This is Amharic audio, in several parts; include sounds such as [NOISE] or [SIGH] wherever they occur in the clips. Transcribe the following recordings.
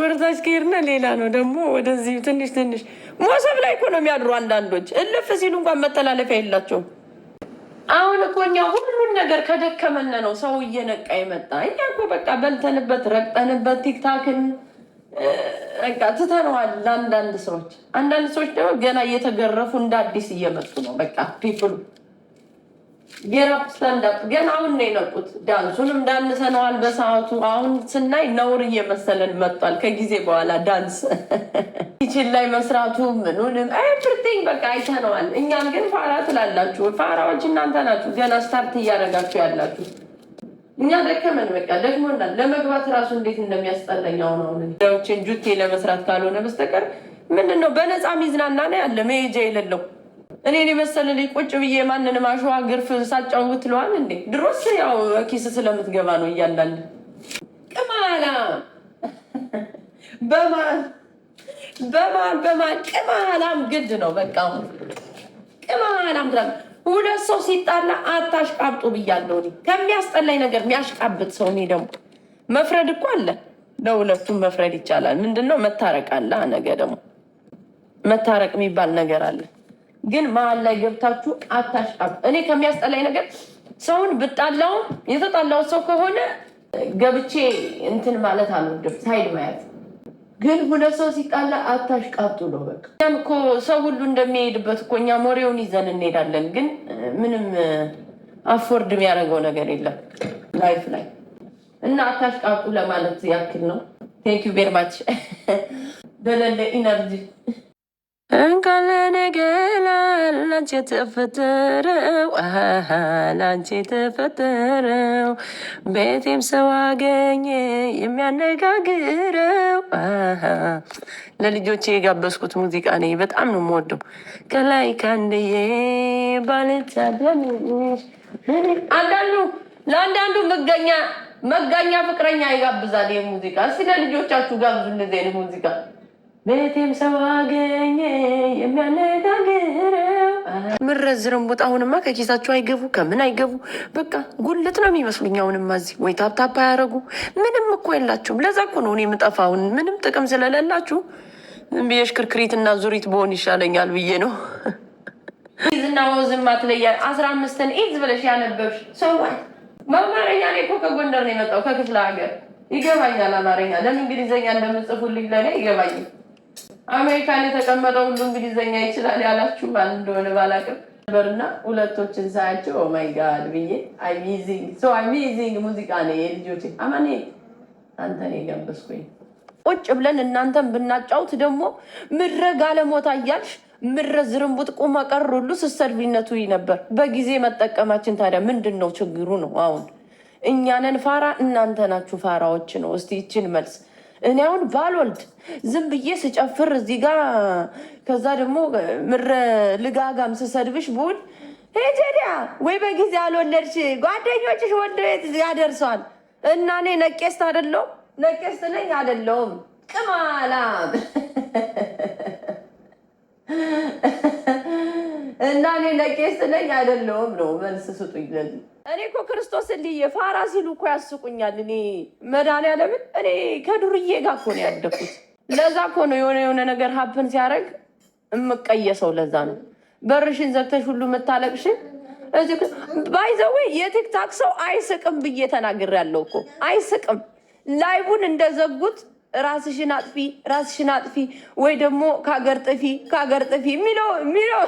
ወደታች ከሄድና ሌላ ነው ደግሞ ወደዚህ ትንሽ ትንሽ ሞሰብ ላይ እኮ ነው የሚያድሩ አንዳንዶች። እልፍ ሲሉ እንኳን መተላለፊያ የላቸውም። አሁን እኮ እኛ ሁሉን ነገር ከደከመነ ነው ሰው እየነቃ የመጣ። እኛ እኮ በቃ በልተንበት ረግጠንበት ቲክታክን በቃ ትተነዋል። ለአንዳንድ ሰዎች አንዳንድ ሰዎች ደግሞ ገና እየተገረፉ እንደ አዲስ እየመጡ ነው። በቃ ፒፕሉ ጌራ ስታንዳፕ ገና አሁን ነው የነቁት። ዳንሱን ዳንሰነዋል በሰዓቱ አሁን ስናይ ነውር እየመሰለን መጥቷል። ከጊዜ በኋላ ዳንስ ኪችን ላይ መስራቱ ምኑንም ኤቭሪቲንግ በቃ አይተነዋል። እኛም ግን ፋራ ትላላችሁ። ፋራዎች እናንተ ናችሁ፣ ገና ስታርት እያደረጋችሁ ያላችሁ። እኛ ደከመን በቃ ደግሞናል። ለመግባት ራሱ እንዴት እንደሚያስጠላኝ አሁን አሁን ዳዎችን ጁቴ ለመስራት ካልሆነ በስተቀር ምንድን ነው በነፃ ሚዝናና ነው ያለ መሄጃ የሌለው እኔን የመሰለ ልጅ ቁጭ ብዬ ማንንም አሸዋ ግርፍ ሳጫውት ለዋል እንዴ? ድሮስ ያው ኪስ ስለምትገባ ነው። እያንዳንድ ቅማላ በማል በማል በማል ቅማላም ግድ ነው። በቃ ቅማላም ሁለት ሰው ሲጣላ አታሽቃብጡ ብያለሁ። ከሚያስጠላኝ ነገር የሚያሽቃብጥ ሰው እኔ ደግሞ መፍረድ እኮ አለ። ለሁለቱም መፍረድ ይቻላል። ምንድነው ነው መታረቅ አለ። ነገ ደግሞ መታረቅ የሚባል ነገር አለ። ግን መሀል ላይ ገብታችሁ አታሽቃሉ። እኔ ከሚያስጠላኝ ነገር ሰውን ብጣላውም የተጣላው ሰው ከሆነ ገብቼ እንትን ማለት አልወድም፣ ሳይድ ማየት ግን ሁለ ሰው ሲጣላ አታሽቃጡ ነው በቃ። እኛም እኮ ሰው ሁሉ እንደሚሄድበት እኮ እኛ ሞሬውን ይዘን እንሄዳለን፣ ግን ምንም አፎርድ የሚያደርገው ነገር የለም ላይፍ ላይ እና ቃጡ ለማለት ያክል ነው። ቴንክ ዩ ቬሪ ማች ኢነርጂ እንኳን ለነገ ላንቺ የተፈጠረው ላንቺ የተፈጠረው ቤቴም ሰው አገኘ የሚያነጋግረው። ለልጆቼ የጋበዝኩት ሙዚቃ ነኝ። በጣም ነው የምወደው። ከላይ ከአንድዬ ባልታደም አንዳንዱ ለአንዳንዱ መጋኛ መጋኛ ፍቅረኛ ይጋብዛል። ይህ ሙዚቃ እስኪ ለልጆቻችሁ ጋብዙ እንደዚህ አይነት ሙዚቃ ቤቴም ሰው አገኘ የሚያነጋግረው ምረዝረም ቦታ አሁንማ ከኪሳቸው አይገቡ ከምን አይገቡ በቃ ጉልት ነው የሚመስሉኝ። አሁንማ እዚህ ወይ ታፕታፕ አያረጉ ምንም እኮ የላችሁም። ለዛ እኮ ነው እኔ የምጠፋውን ምንም ጥቅም ስለሌላችሁ ብዬሽ ክርክሪት እና ዙሪት በሆን ይሻለኛል ብዬ ነው። ዝና ወዝም አትለያ አስራ አምስትን ኢዝ ብለሽ ያነበብሽ ሰው መማረኛ ላይ እኮ ከጎንደር ነው የመጣው ከክፍለ ሀገር ይገባኛል። አማርኛ ለምን እንግሊዘኛ እንደምጽፉልኝ ለእኔ ይገባኛል። አሜሪካን የተቀመጠው ሁሉ እንግሊዝኛ ይችላል ያላችሁ ማን እንደሆነ ባላቅም ነበርና ሁለቶችን ሳያቸው ኦማይ ጋድ ብዬ አሚዚንግ ሶ አሚዚንግ ሙዚቃ ነ የልጆች አማኔ አንተን የገበስኩኝ ቁጭ ብለን እናንተን ብናጫውት ደግሞ ምድረ ጋለሞታ እያልሽ ምድረ ዝርንቡጥ ቁመ ቀር ሁሉ ስትሰርቢነቱ ነበር። በጊዜ መጠቀማችን ታዲያ ምንድን ነው ችግሩ? ነው አሁን እኛንን ፋራ እናንተ ናችሁ ፋራዎች ነው። እስቲ ይችን መልስ እኔ አሁን ባልወልድ ዝም ብዬ ስጨፍር እዚህ ጋ ከዛ ደግሞ ምረ ልጋጋም ስሰድብሽ ብሆን ሄጀዲያ ወይ በጊዜ አልወለድሽ ጓደኞችሽ ወንድ ቤት ያደርሷል እና እኔ ነቄስት አደለው ነቄስት ነኝ አደለውም ቅማላም እና እኔ ነቄስ ነኝ አይደለውም ነው መልስ ስጡኝ። ለዚህ እኔ እኮ ክርስቶስ ልዬ ፋራ ሲሉ እኮ ያስቁኛል። እኔ መድኃኒዓለምን እኔ ከዱርዬ ጋር እኮ ነው ያደኩት። ለዛ እኮ ነው የሆነ የሆነ ነገር ሀፕን ሲያደርግ የምቀየሰው። ለዛ ነው በርሽን ዘግተሽ ሁሉ የምታለቅሽን ባይዘዌ የቲክታክ ሰው አይስቅም ብዬ ተናግሬያለሁ እኮ አይስቅም። ላይቡን እንደዘጉት ራስሽን አጥፊ ራስሽን አጥፊ ወይ ደግሞ ከሀገር ጥፊ ከሀገር ጥፊ የሚለው የሚለው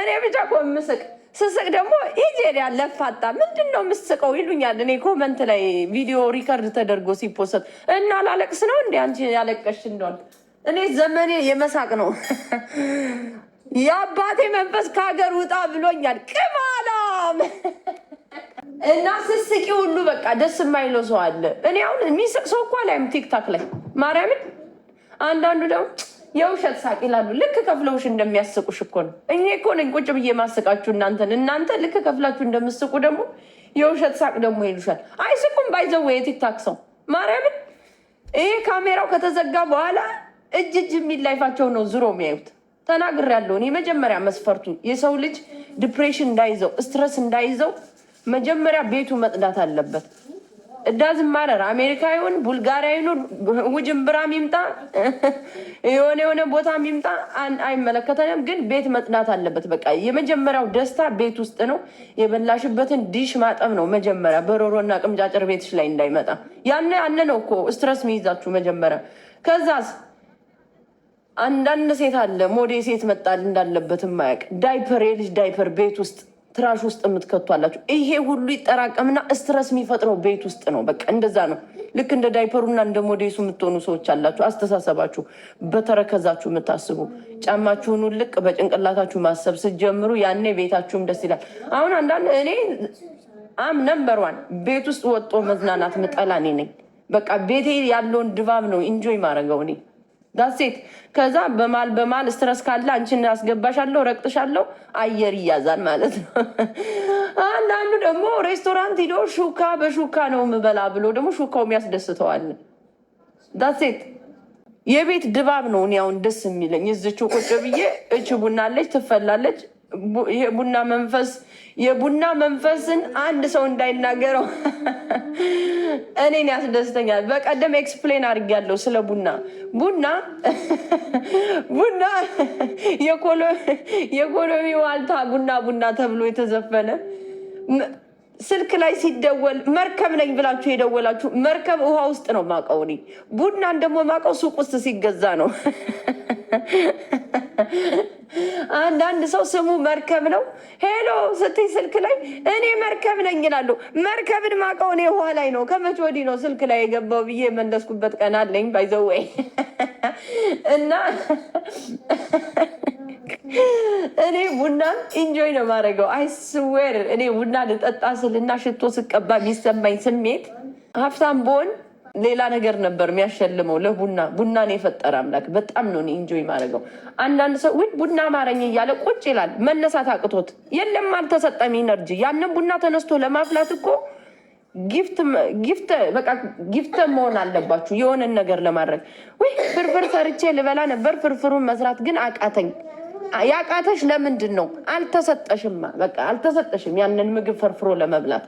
እኔ ብቻ እኮ የምስቅ ስስቅ ደግሞ ኢጄሪያ ለፋጣ ምንድን ነው የምስቀው ይሉኛል። እኔ ኮመንት ላይ ቪዲዮ ሪከርድ ተደርጎ ሲፖሰት እና ላለቅስ ነው እንዲ አንቺ ያለቀሽ እንደሆን እኔ ዘመኔ የመሳቅ ነው። [LAUGHS] የአባቴ መንፈስ ከሀገር ውጣ ብሎኛል። ቅማላም እና ስስቂ ሁሉ በቃ ደስ የማይለው ሰው አለ። እኔ አሁን የሚስቅ ሰው እኳ ላይም ቲክታክ ላይ ማርያምን። አንዳንዱ ደግሞ የውሸት ሳቅ ይላሉ። ልክ ከፍለውሽ እንደሚያስቁሽ እኮ ነው። እኔ እኮ ነኝ ቁጭ ብዬ ማስቃችሁ እናንተን። እናንተ ልክ ከፍላችሁ እንደምስቁ ደግሞ የውሸት ሳቅ ደግሞ ይሉሻል። አይስቁም። ባይዘው የቲክታክ ሰው ማርያምን። ይሄ ካሜራው ከተዘጋ በኋላ እጅ እጅ የሚል ላይፋቸው ነው ዙሮ የሚያዩት። ተናግር ያለውን የመጀመሪያ መስፈርቱ የሰው ልጅ ዲፕሬሽን እንዳይዘው ስትረስ እንዳይዘው መጀመሪያ ቤቱ መጽዳት አለበት። እዳዝም ማረር አሜሪካ ይሁን ቡልጋሪያ ይሁን ውጅንብራም ሚምጣ የሆነ የሆነ ቦታ ሚምጣ አይመለከተንም፣ ግን ቤት መጽዳት አለበት። በቃ የመጀመሪያው ደስታ ቤት ውስጥ ነው። የበላሽበትን ዲሽ ማጠብ ነው መጀመሪያ። በሮሮና ቅምጫጭር ቤትሽ ላይ እንዳይመጣ ያነ ያነ ነው እኮ ስትረስ ሚይዛችሁ መጀመሪያ። ከዛስ አንዳንድ ሴት አለ ሞዴ ሴት መጣል እንዳለበት ማያቅ ዳይፐር የልጅ ዳይፐር ቤት ውስጥ ትራሽ ውስጥ የምትከቱ አላችሁ። ይሄ ሁሉ ይጠራቀምና ስትረስ የሚፈጥረው ቤት ውስጥ ነው። በቃ እንደዛ ነው። ልክ እንደ ዳይፐሩና እንደ ሞዴሱ የምትሆኑ ሰዎች አላችሁ። አስተሳሰባችሁ በተረከዛችሁ የምታስቡ ጫማችሁን ልቅ በጭንቅላታችሁ ማሰብ ስትጀምሩ፣ ያኔ ቤታችሁም ደስ ይላል። አሁን አንዳንድ እኔ አም ነምበር ዋን ቤት ውስጥ ወጦ መዝናናት ምጠላ እኔ ነኝ። በቃ ቤቴ ያለውን ድባብ ነው ኢንጆይ ማድረገው እኔ ዳሴት ከዛ በማል በማል ስትረስ ካለ አንቺን አስገባሻለሁ፣ ረቅጥሻለሁ፣ አየር ይያዛል ማለት ነው። አንዳንዱ ደግሞ ሬስቶራንት ሂዶ ሹካ በሹካ ነው የምበላ ብሎ ደግሞ ሹካውም ያስደስተዋል። ዳሴት የቤት ድባብ ነው። እኔ አሁን ደስ የሚለኝ እዝቹ ቁጭ ብዬ እች ቡናለች ትፈላለች የቡና መንፈስ የቡና መንፈስን አንድ ሰው እንዳይናገረው [LAUGHS] እኔን ያስደስተኛል። በቀደም ኤክስፕሌን አድርጌያለሁ ስለ ቡና ቡና [LAUGHS] ቡና [LAUGHS] የኢኮኖሚ ዋልታ ቡና ቡና ተብሎ የተዘፈነ ስልክ ላይ ሲደወል መርከብ ነኝ ብላችሁ የደወላችሁ መርከብ ውሃ ውስጥ ነው ማቀው። እኔ ቡናን ደግሞ ማቀው ሱቅ ውስጥ ሲገዛ ነው። አንዳንድ ሰው ስሙ መርከብ ነው። ሄሎ ስትይ ስልክ ላይ እኔ መርከብ ነኝ ይላሉ። መርከብን ማቀው እኔ ውሃ ላይ ነው። ከመቼ ወዲህ ነው ስልክ ላይ የገባው ብዬ መለስኩበት ቀን አለኝ። ባይዘወይ እና እኔ ቡና ኢንጆይ ነው ማድረገው። አይስዌር እኔ ቡና ልጠጣ ስልና ሽቶ ስቀባ የሚሰማኝ ስሜት ሀብታም ቦን ሌላ ነገር ነበር የሚያሸልመው ለቡና ቡናን የፈጠረ አምላክ በጣም ነው ኢንጆይ ማድረገው። አንዳንድ ሰው ቡና ማረኝ እያለ ቁጭ ይላል መነሳት አቅቶት፣ የለም አልተሰጠም ኢነርጂ። ያንን ቡና ተነስቶ ለማፍላት እኮ ጊፍት መሆን አለባችሁ የሆነን ነገር ለማድረግ። ወይ ፍርፍር ሰርቼ ልበላ ነበር፣ ፍርፍሩን መስራት ግን አቃተኝ። ያቃተሽ ለምንድን ነው? አልተሰጠሽም በቃ አልተሰጠሽም ያንን ምግብ ፈርፍሮ ለመብላት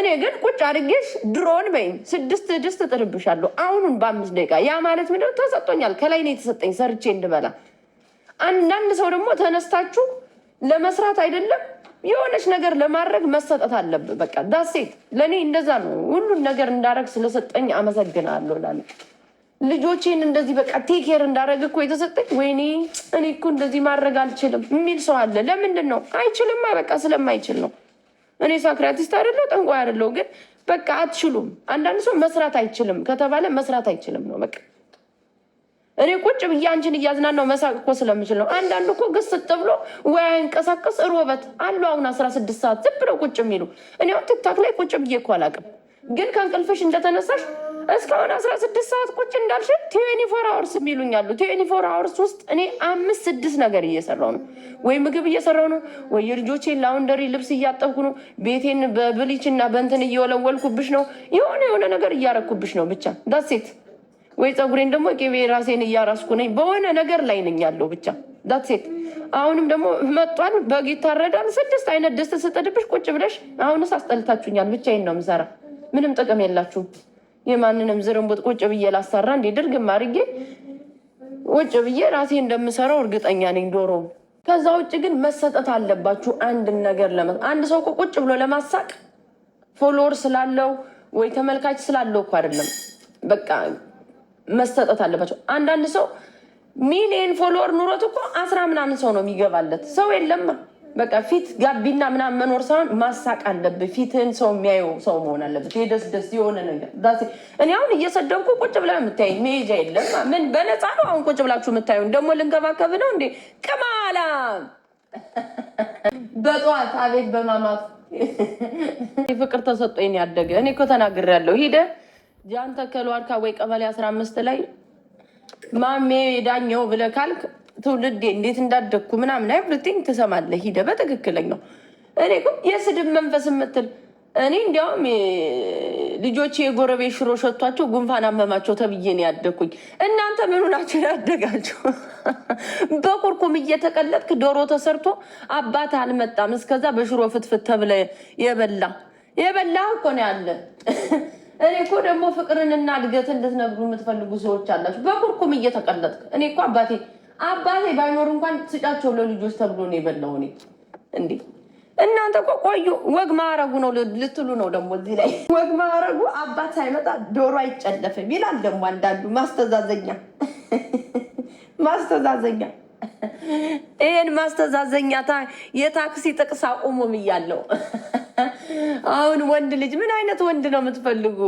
እኔ ግን ቁጭ አድርጌሽ ድሮን በይኝ ስድስት ድስት እጥልብሻለሁ አሁኑን በአምስት ደቂቃ። ያ ማለት ምንድን ተሰጥቶኛል። ከላይ ነው የተሰጠኝ ሰርቼ እንድበላ። አንዳንድ ሰው ደግሞ ተነስታችሁ ለመስራት አይደለም የሆነች ነገር ለማድረግ መሰጠት አለብ። በቃ ዳሴት ለእኔ እንደዛ ነው። ሁሉን ነገር እንዳደረግ ስለሰጠኝ አመሰግናለሁ እላለሁ። ልጆቼን እንደዚህ በቃ ቴኬር እንዳደረግ እኮ የተሰጠኝ። ወይኔ እኔ እኮ እንደዚህ ማድረግ አልችልም የሚል ሰው አለ። ለምንድን ነው አይችልማ? በቃ ስለማይችል ነው። እኔ ሳክራቲስት አይደለሁ ጠንቋይ አይደለሁ። ግን በቃ አትችሉም። አንዳንድ ሰው መስራት አይችልም ከተባለ መስራት አይችልም ነው በቃ። እኔ ቁጭ ብዬ አንቺን እያዝናናው መሳቅ እኮ ስለምችል ነው። አንዳንዱ እኮ ግስጥ ብሎ ወይ አይንቀሳቀስ ሮበት አሉ። አሁን አስራ ስድስት ሰዓት ዝም ብለው ቁጭ የሚሉ እኔ አሁን ቲክታክ ላይ ቁጭ ብዬ እኮ አላውቅም። ግን ከእንቅልፍሽ እንደተነሳሽ እስካሁን አስራ ስድስት ሰዓት ቁጭ እንዳልሽ ቴኒ ፎር አወርስ የሚሉኝ አሉ። ቴኒ ፎር አወርስ ውስጥ እኔ አምስት ስድስት ነገር እየሰራው ነው። ወይ ምግብ እየሰራው ነው፣ ወይ የልጆቼን ላውንደሪ ልብስ እያጠብኩ ነው፣ ቤቴን በብሊች እና በንትን እየወለወልኩብሽ ነው፣ የሆነ የሆነ ነገር እያረኩብሽ ነው። ብቻ ዳሴት ወይ ፀጉሬን ደግሞ ቄቤ ራሴን እያራስኩ ነኝ። በሆነ ነገር ላይ ነኝ ያለው ብቻ ዳሴት። አሁንም ደግሞ መጧል፣ በግ ይታረዳል፣ ስድስት አይነት ድስት ስጥድብሽ ቁጭ ብለሽ አሁንስ አስጠልታችሁኛል። ብቻዬን ነው ምሰራ። ምንም ጥቅም የላችሁም። የማንንም ዝርንቡጥ ቁጭ ብዬ ላሰራ እንዲ ድርግም አድርጌ ውጭ ብዬ ራሴ እንደምሰራው እርግጠኛ ነኝ። ዶሮ ከዛ ውጭ ግን መሰጠት አለባችሁ። አንድን ነገር ለመ አንድ ሰው ቁጭ ብሎ ለማሳቅ ፎሎወር ስላለው ወይ ተመልካች ስላለው እኮ አይደለም። በቃ መሰጠት አለባቸው። አንዳንድ ሰው ሚሊየን ፎሎወር ኑሮት እኮ አስራ ምናምን ሰው ነው የሚገባለት ሰው የለማ በቃ ፊት ጋቢና ምናምን መኖር ሳይሆን ማሳቅ አለብህ። ፊትህን ሰው የሚያየው ሰው መሆን አለበት። ደስ ደስ የሆነ ነገር እኔ አሁን እየሰደብኩ ቁጭ ብለህ የምታይ መሄጃ የለም። ምን በነፃ ነው አሁን ቁጭ ብላችሁ የምታዩን? ደግሞ ልንከባከብ ነው እንዴ? ቅማላ [LAUGHS] በጠዋት አቤት በማማት [LAUGHS] ፍቅር ተሰጦኝ ያደገ እኔ እኮ ተናግሬያለሁ። ሂደ ጃንተከል ዋርካ ወይ ቀበሌ አስራ አምስት ላይ ማሜ ዳኘው ብለህ ካልክ ትውልዴ እንዴት እንዳደግኩ ምናምን ኤቭሪቲንግ ትሰማለህ በትክክለኝ ነው። እኔ ግን የስድብ መንፈስ የምትል እኔ እንዲያውም ልጆች የጎረቤ ሽሮ ሸቷቸው ጉንፋን አመማቸው ተብዬን ያደግኩኝ። እናንተ ምኑ ናቸው ያደጋቸው? በኩርኩም እየተቀለጥክ ዶሮ ተሰርቶ አባት አልመጣም እስከዛ በሽሮ ፍትፍት ተብለ የበላ የበላ እኮ ነው ያለ። እኔ እኮ ደግሞ ፍቅርንና እድገትን እንድትነግሩ የምትፈልጉ ሰዎች አላችሁ። በኩርኩም እየተቀለጥክ እኔ እኮ አባቴ አባቴ ባይኖር እንኳን ስጫቸው ለልጆች ተብሎ ነው የበላው። እኔ እንዴ እናንተ እኮ ቆዩ። ወግ ማዕረጉ ነው ልትሉ ነው ደግሞ እዚህ ላይ ወግ ማዕረጉ አባት ሳይመጣ ዶሮ አይጨለፍም ይላል ደግሞ አንዳንዱ። ማስተዛዘኛ ማስተዛዘኛ ይህን ማስተዛዘኛ የታክሲ ጥቅስ አቁሙም እያለው አሁን ወንድ ልጅ ምን አይነት ወንድ ነው የምትፈልጉ?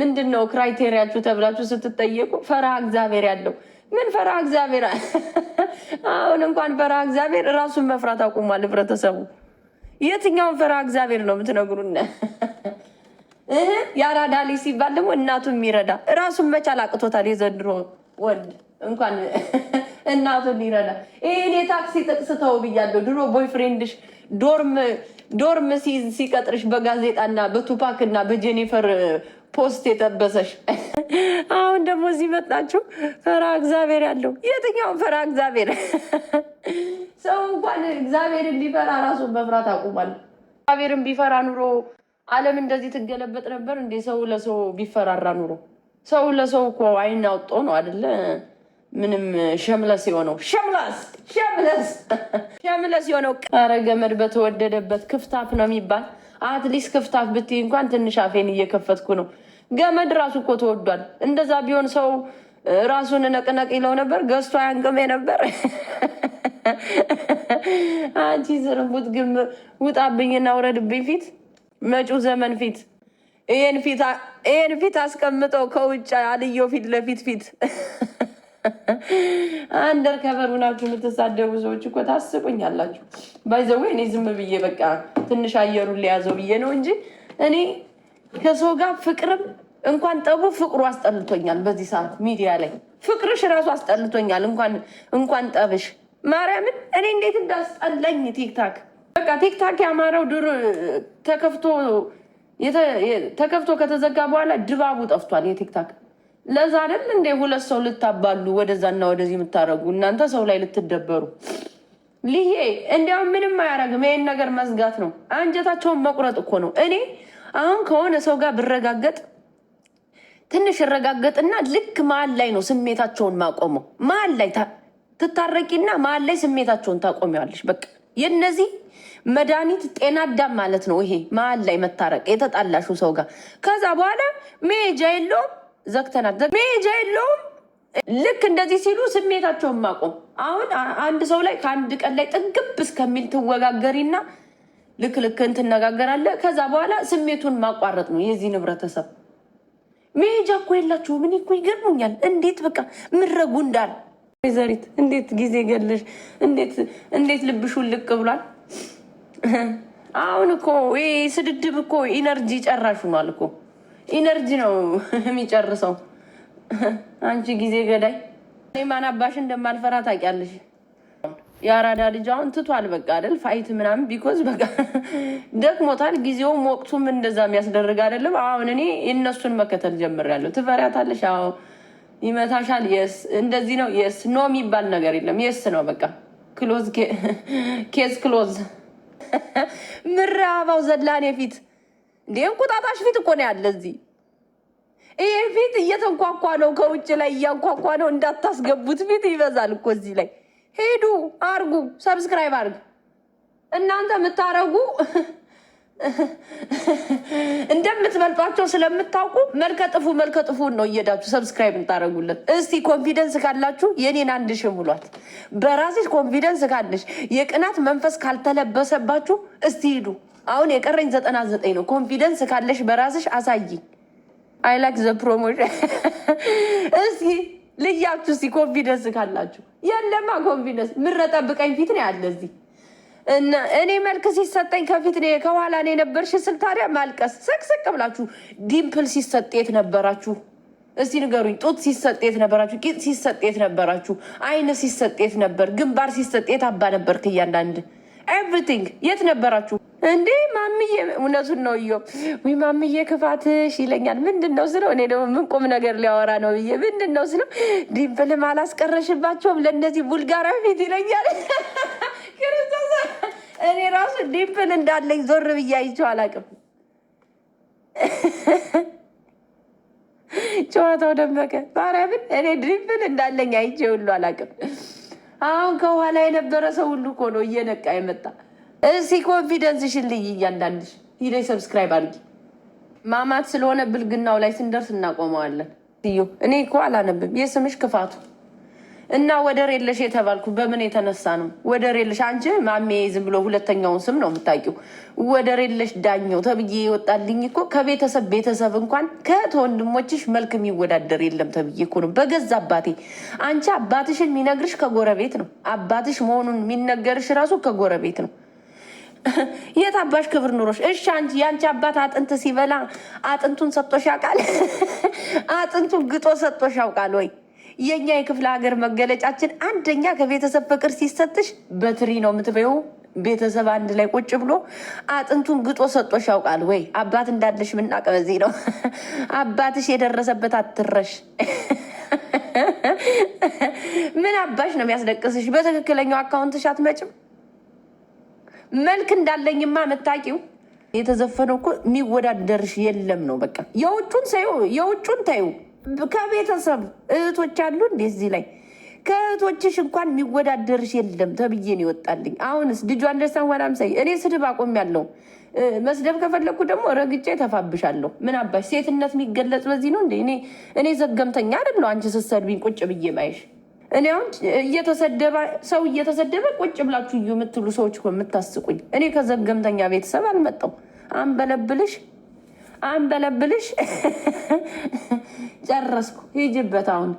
ምንድን ነው ክራይቴሪያችሁ ተብላችሁ ስትጠየቁ ፈርሃ እግዚአብሔር ያለው ምን ፈራ እግዚአብሔር አሁን እንኳን ፈራ እግዚአብሔር እራሱን መፍራት አቁሟል ህብረተሰቡ። የትኛውን ፈራ እግዚአብሔር ነው የምትነግሩን? የአራዳ ልጅ ሲባል ደግሞ እናቱን የሚረዳ እራሱን መቻል አቅቶታል። የዘንድሮ ወንድ እንኳን እናቱን ሊረዳ ይህን የታክሲ ጥቅስ ተው ብያለሁ። ድሮ ቦይፍሬንድሽ ዶርም ዶርም ሲቀጥርሽ በጋዜጣና በቱፓክ እና በጄኒፈር ፖስት የጠበሰሽ አሁን ደግሞ እዚህ መጣችሁ። ፈራ እግዚአብሔር ያለው የትኛውን ፈራ እግዚአብሔር? ሰው እንኳን እግዚአብሔርን ቢፈራ ራሱን መፍራት አቁሟል። እግዚአብሔርን ቢፈራ ኑሮ ዓለም እንደዚህ ትገለበጥ ነበር እንዴ? ሰው ለሰው ቢፈራራ ኑሮ ሰው ለሰው እኮ አይን አውጥቶ ነው አደለ ምንም ሸምለስ የሆነው ሸምለስ ሸምለስ ሸምለስ የሆነው ኧረ ገመድ በተወደደበት ክፍታፍ ነው የሚባል። አትሊስት ክፍታፍ ብትይ እንኳን ትንሽ አፌን እየከፈትኩ ነው ገመድ ራሱ እኮ ተወዷል። እንደዛ ቢሆን ሰው ራሱን ነቅነቅ ይለው ነበር፣ ገዝቶ አያንቅም ነበር። አንቺ ስርቡት ግምር ውጣብኝና ውረድብኝ ፊት መጪው ዘመን ፊት ይሄን ፊት አስቀምጠው ከውጭ አልየው ፊት ለፊት ፊት አንደር ከበሩ ናችሁ የምትሳደቡ ሰዎች እኮ ታስቁኛላችሁ። ባይዘው እኔ ዝም ብዬ በቃ ትንሽ አየሩን ሊያዘው ብዬ ነው እንጂ እኔ ከሰው ጋር ፍቅርም እንኳን ጠቡ ፍቅሩ አስጠልቶኛል። በዚህ ሰዓት ሚዲያ ላይ ፍቅርሽ ራሱ አስጠልቶኛል። እንኳን ጠብሽ ማርያምን እኔ እንዴት እንዳስጠላኝ ቲክታክ በቃ ቲክታክ ያማረው ድሮ ተከፍቶ ከተዘጋ በኋላ ድባቡ ጠፍቷል። የቲክታክ ለዛ አይደል እንደ ሁለት ሰው ልታባሉ ወደዛና ወደዚህ የምታደረጉ እናንተ ሰው ላይ ልትደበሩ ልሄ እንዲያውም ምንም አያደርግም። ይህን ነገር መዝጋት ነው፣ አንጀታቸውን መቁረጥ እኮ ነው እኔ አሁን ከሆነ ሰው ጋር ብረጋገጥ ትንሽ እረጋገጥና ልክ መሀል ላይ ነው ስሜታቸውን ማቆመው። መሀል ላይ ትታረቂና መሀል ላይ ስሜታቸውን ታቆሚዋለሽ። በቃ የነዚህ መድኃኒት ጤና አዳም ማለት ነው ይሄ መሀል ላይ መታረቅ የተጣላሹ ሰው ጋር። ከዛ በኋላ መሄጃ የለውም፣ ዘግተናል፣ መሄጃ የለውም። ልክ እንደዚህ ሲሉ ስሜታቸውን ማቆም። አሁን አንድ ሰው ላይ ከአንድ ቀን ላይ ጥግብ እስከሚል ትወጋገሪና ልክ ልክህን ትነጋገራለህ። ከዛ በኋላ ስሜቱን ማቋረጥ ነው የዚህ ህብረተሰብ መሄጃ እኮ የላችሁ። ምን እኮ ይገርሙኛል። እንዴት በቃ ምረጉ እንዳል ዘሪት እንዴት ጊዜ ገልሽ እንዴት ልብሹ ልቅ ብሏል። አሁን እኮ ስድድብ እኮ ኢነርጂ ጨራሽ ሆኗል እኮ ኢነርጂ ነው የሚጨርሰው። አንቺ ጊዜ ገዳይ፣ ማን አባሽ እንደማልፈራ ታውቂያለሽ። የአራዳ ልጅ አሁን ትቷል። በቃ አይደል ፋይት ምናምን ቢኮዝ በቃ [LAUGHS] ደክሞታል። ጊዜውም ወቅቱም እንደዛ የሚያስደርግ አይደለም። አሁን እኔ የእነሱን መከተል ጀምሬያለሁ። ትፈሪያታለሽ? አዎ። ይመታሻል? የስ። እንደዚህ ነው? የስ። ኖ የሚባል ነገር የለም። የስ ነው በቃ። ክሎዝ [LAUGHS] ኬዝ ክሎዝ። [LAUGHS] ምራባው ዘላኔ ፊት እንዴ እንቁጣጣሽ ፊት እኮ ነው ያለ እዚህ ይህ ፊት እየተንኳኳ ነው፣ ከውጭ ላይ እያንኳኳ ነው። እንዳታስገቡት ፊት ይበዛል እኮ እዚህ ላይ ሄዱ አርጉ፣ ሰብስክራይብ አርግ። እናንተ የምታረጉ [LAUGHS] እንደምትበልጧቸው ስለምታውቁ መልከጥፉ መልከጥፉን ነው እየዳችሁ ሰብስክራይብ እንታደረጉለት። እስቲ ኮንፊደንስ ካላችሁ የኔን አንድ ሺህ ሙሏት። በራሴ ኮንፊደንስ ካለሽ የቅናት መንፈስ ካልተለበሰባችሁ እስቲ ሂዱ። አሁን የቀረኝ ዘጠና ዘጠኝ ነው። ኮንፊደንስ ካለሽ በራስሽ አሳይ አይ ላይክ ዘ ፕሮሞሽን እስቲ ልያችሁ እስኪ ኮንፊደንስ ካላችሁ። የለማ ኮንፊደንስ ምረጠብቀኝ ፊት ነው ያለ እዚህ እኔ መልክ ሲሰጠኝ ከፊት ከኋላ ነው የነበርሽ ስል ታዲያ ማልቀስ ስቅስቅ ብላችሁ። ዲምፕል ሲሰጥ የት ነበራችሁ? እስቲ ንገሩኝ። ጡት ሲሰጥ የት ነበራችሁ? ቂጥ ሲሰጥ የት ነበራችሁ? አይን ሲሰጥ የት ነበር? ግንባር ሲሰጥ የት አባ ነበርክ? እያንዳንድ ኤቭሪቲንግ የት ነበራችሁ እንዴ? ማምዬ እውነቱን ነው እዮ ወይ ማምዬ ክፋትሽ ይለኛል። ምንድን ነው ስለው እኔ ደግሞ ምን ቁም ነገር ሊያወራ ነው ብዬ ምንድን ነው ስለው ዲምፕልም አላስቀረሽባቸውም ለእነዚህ ቡልጋራ ፊት ይለኛል። [LAUGHS] እኔ ራሱ ዲምፕል እንዳለኝ ዞር ብዬ አይቼው አላውቅም። [LAUGHS] ጨዋታው ደመቀ ማርያምን እኔ ዲምፕል እንዳለኝ አይቼ ሁሉ አላውቅም። አሁን ከኋላ የነበረ ሰው ሁሉ እኮ ነው እየነቃ የመጣ። እስኪ ኮንፊደንስሽን ልይ እያንዳንድሽ ሂደሽ ሰብስክራይብ አድርጊ። ማማት ስለሆነ ብልግናው ላይ ስንደርስ እናቆመዋለን። እኔ እኮ አላነብም የስምሽ ክፋቱ እና ወደር የለሽ የተባልኩ በምን የተነሳ ነው? ወደር የለሽ አንቺ ማሜ ዝም ብሎ ሁለተኛውን ስም ነው የምታውቂው። ወደር የለሽ ዳኘው ተብዬ የወጣልኝ እኮ ከቤተሰብ ቤተሰብ እንኳን ከእህት ወንድሞችሽ መልክ የሚወዳደር የለም ተብዬ እኮ ነው በገዛ አባቴ። አንቺ አባትሽን የሚነግርሽ ከጎረቤት ነው። አባትሽ መሆኑን የሚነገርሽ ራሱ ከጎረቤት ነው። የት አባሽ ክብር ኑሮሽ? እሺ አንቺ የአንቺ አባት አጥንት ሲበላ አጥንቱን ሰጥቶሽ ያውቃል? አጥንቱን ግጦ ሰጥቶሽ ያውቃል ወይ? የእኛ የክፍለ ሀገር መገለጫችን አንደኛ ከቤተሰብ ፍቅር ሲሰጥሽ በትሪ ነው የምትበይው። ቤተሰብ አንድ ላይ ቁጭ ብሎ አጥንቱን ግጦ ሰጦሽ ያውቃል ወይ? አባት እንዳለሽ ምናቀ በዚህ ነው። [LAUGHS] አባትሽ የደረሰበት አትረሽ። [LAUGHS] ምን አባሽ ነው የሚያስለቅስሽ? በትክክለኛው አካውንትሽ አትመጭም። መልክ እንዳለኝማ መታቂው የተዘፈነው እኮ የሚወዳደርሽ የለም ነው። በቃ የውጩን ሰው የውጩን ተይው ከቤተሰብ እህቶች አሉ እንዴ? እዚህ ላይ ከእህቶችሽ እንኳን የሚወዳደርሽ የለም ተብዬ ነው ይወጣልኝ። አሁንስ ልጁ አንደርሳን ዋላምሳይ እኔ ስድብ አቆም ያለው መስደብ ከፈለግኩ ደግሞ ረግጬ ተፋብሻለሁ። ምን አባሽ ሴትነት የሚገለጽ በዚህ ነው እንዴ? እኔ ዘገምተኛ አይደለሁ። አንቺ ስትሰድቢኝ ቁጭ ብዬ ማየሽ እኔ አሁን እየተሰደበ ሰው እየተሰደበ ቁጭ ብላችሁ እዩ የምትሉ ሰዎች እኮ የምታስቁኝ። እኔ ከዘገምተኛ ቤተሰብ አልመጣው አንበለብልሽ አንበለብልሽ ጨረስኩ። ሂጅበት አሁን።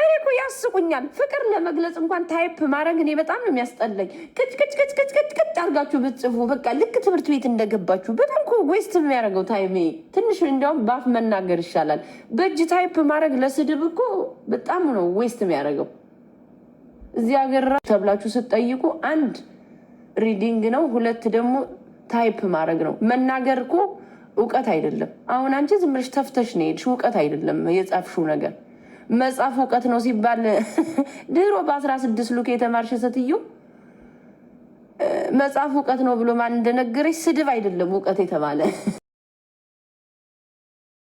እኔ እኮ ያስቁኛል። ፍቅር ለመግለጽ እንኳን ታይፕ ማድረግ እኔ በጣም ነው የሚያስጠላኝ። ቅጭቅጭቅጭቅጭቅጭ አድርጋችሁ ብትጽፉ በቃ ልክ ትምህርት ቤት እንደገባችሁ በጣም እኮ ዌስት የሚያደርገው ታይም። ትንሽ እንዲያውም ባፍ መናገር ይሻላል። በእጅ ታይፕ ማድረግ ለስድብ እኮ በጣም ነው ዌስት የሚያደርገው። እዚህ ሀገር ተብላችሁ ስትጠይቁ አንድ ሪዲንግ ነው፣ ሁለት ደግሞ ታይፕ ማድረግ ነው። መናገር እኮ እውቀት አይደለም። አሁን አንቺ ዝም ብለሽ ተፍተሽ ነው የሄድሽ። እውቀት አይደለም የጻፍሽው ነገር መጽሐፍ እውቀት ነው ሲባል [LAUGHS] ድሮ በአስራ ስድስት ሉክ የተማርሽ ሴትዮ መጽሐፍ እውቀት ነው ብሎ ማን እንደነገረች ስድብ አይደለም እውቀት የተባለ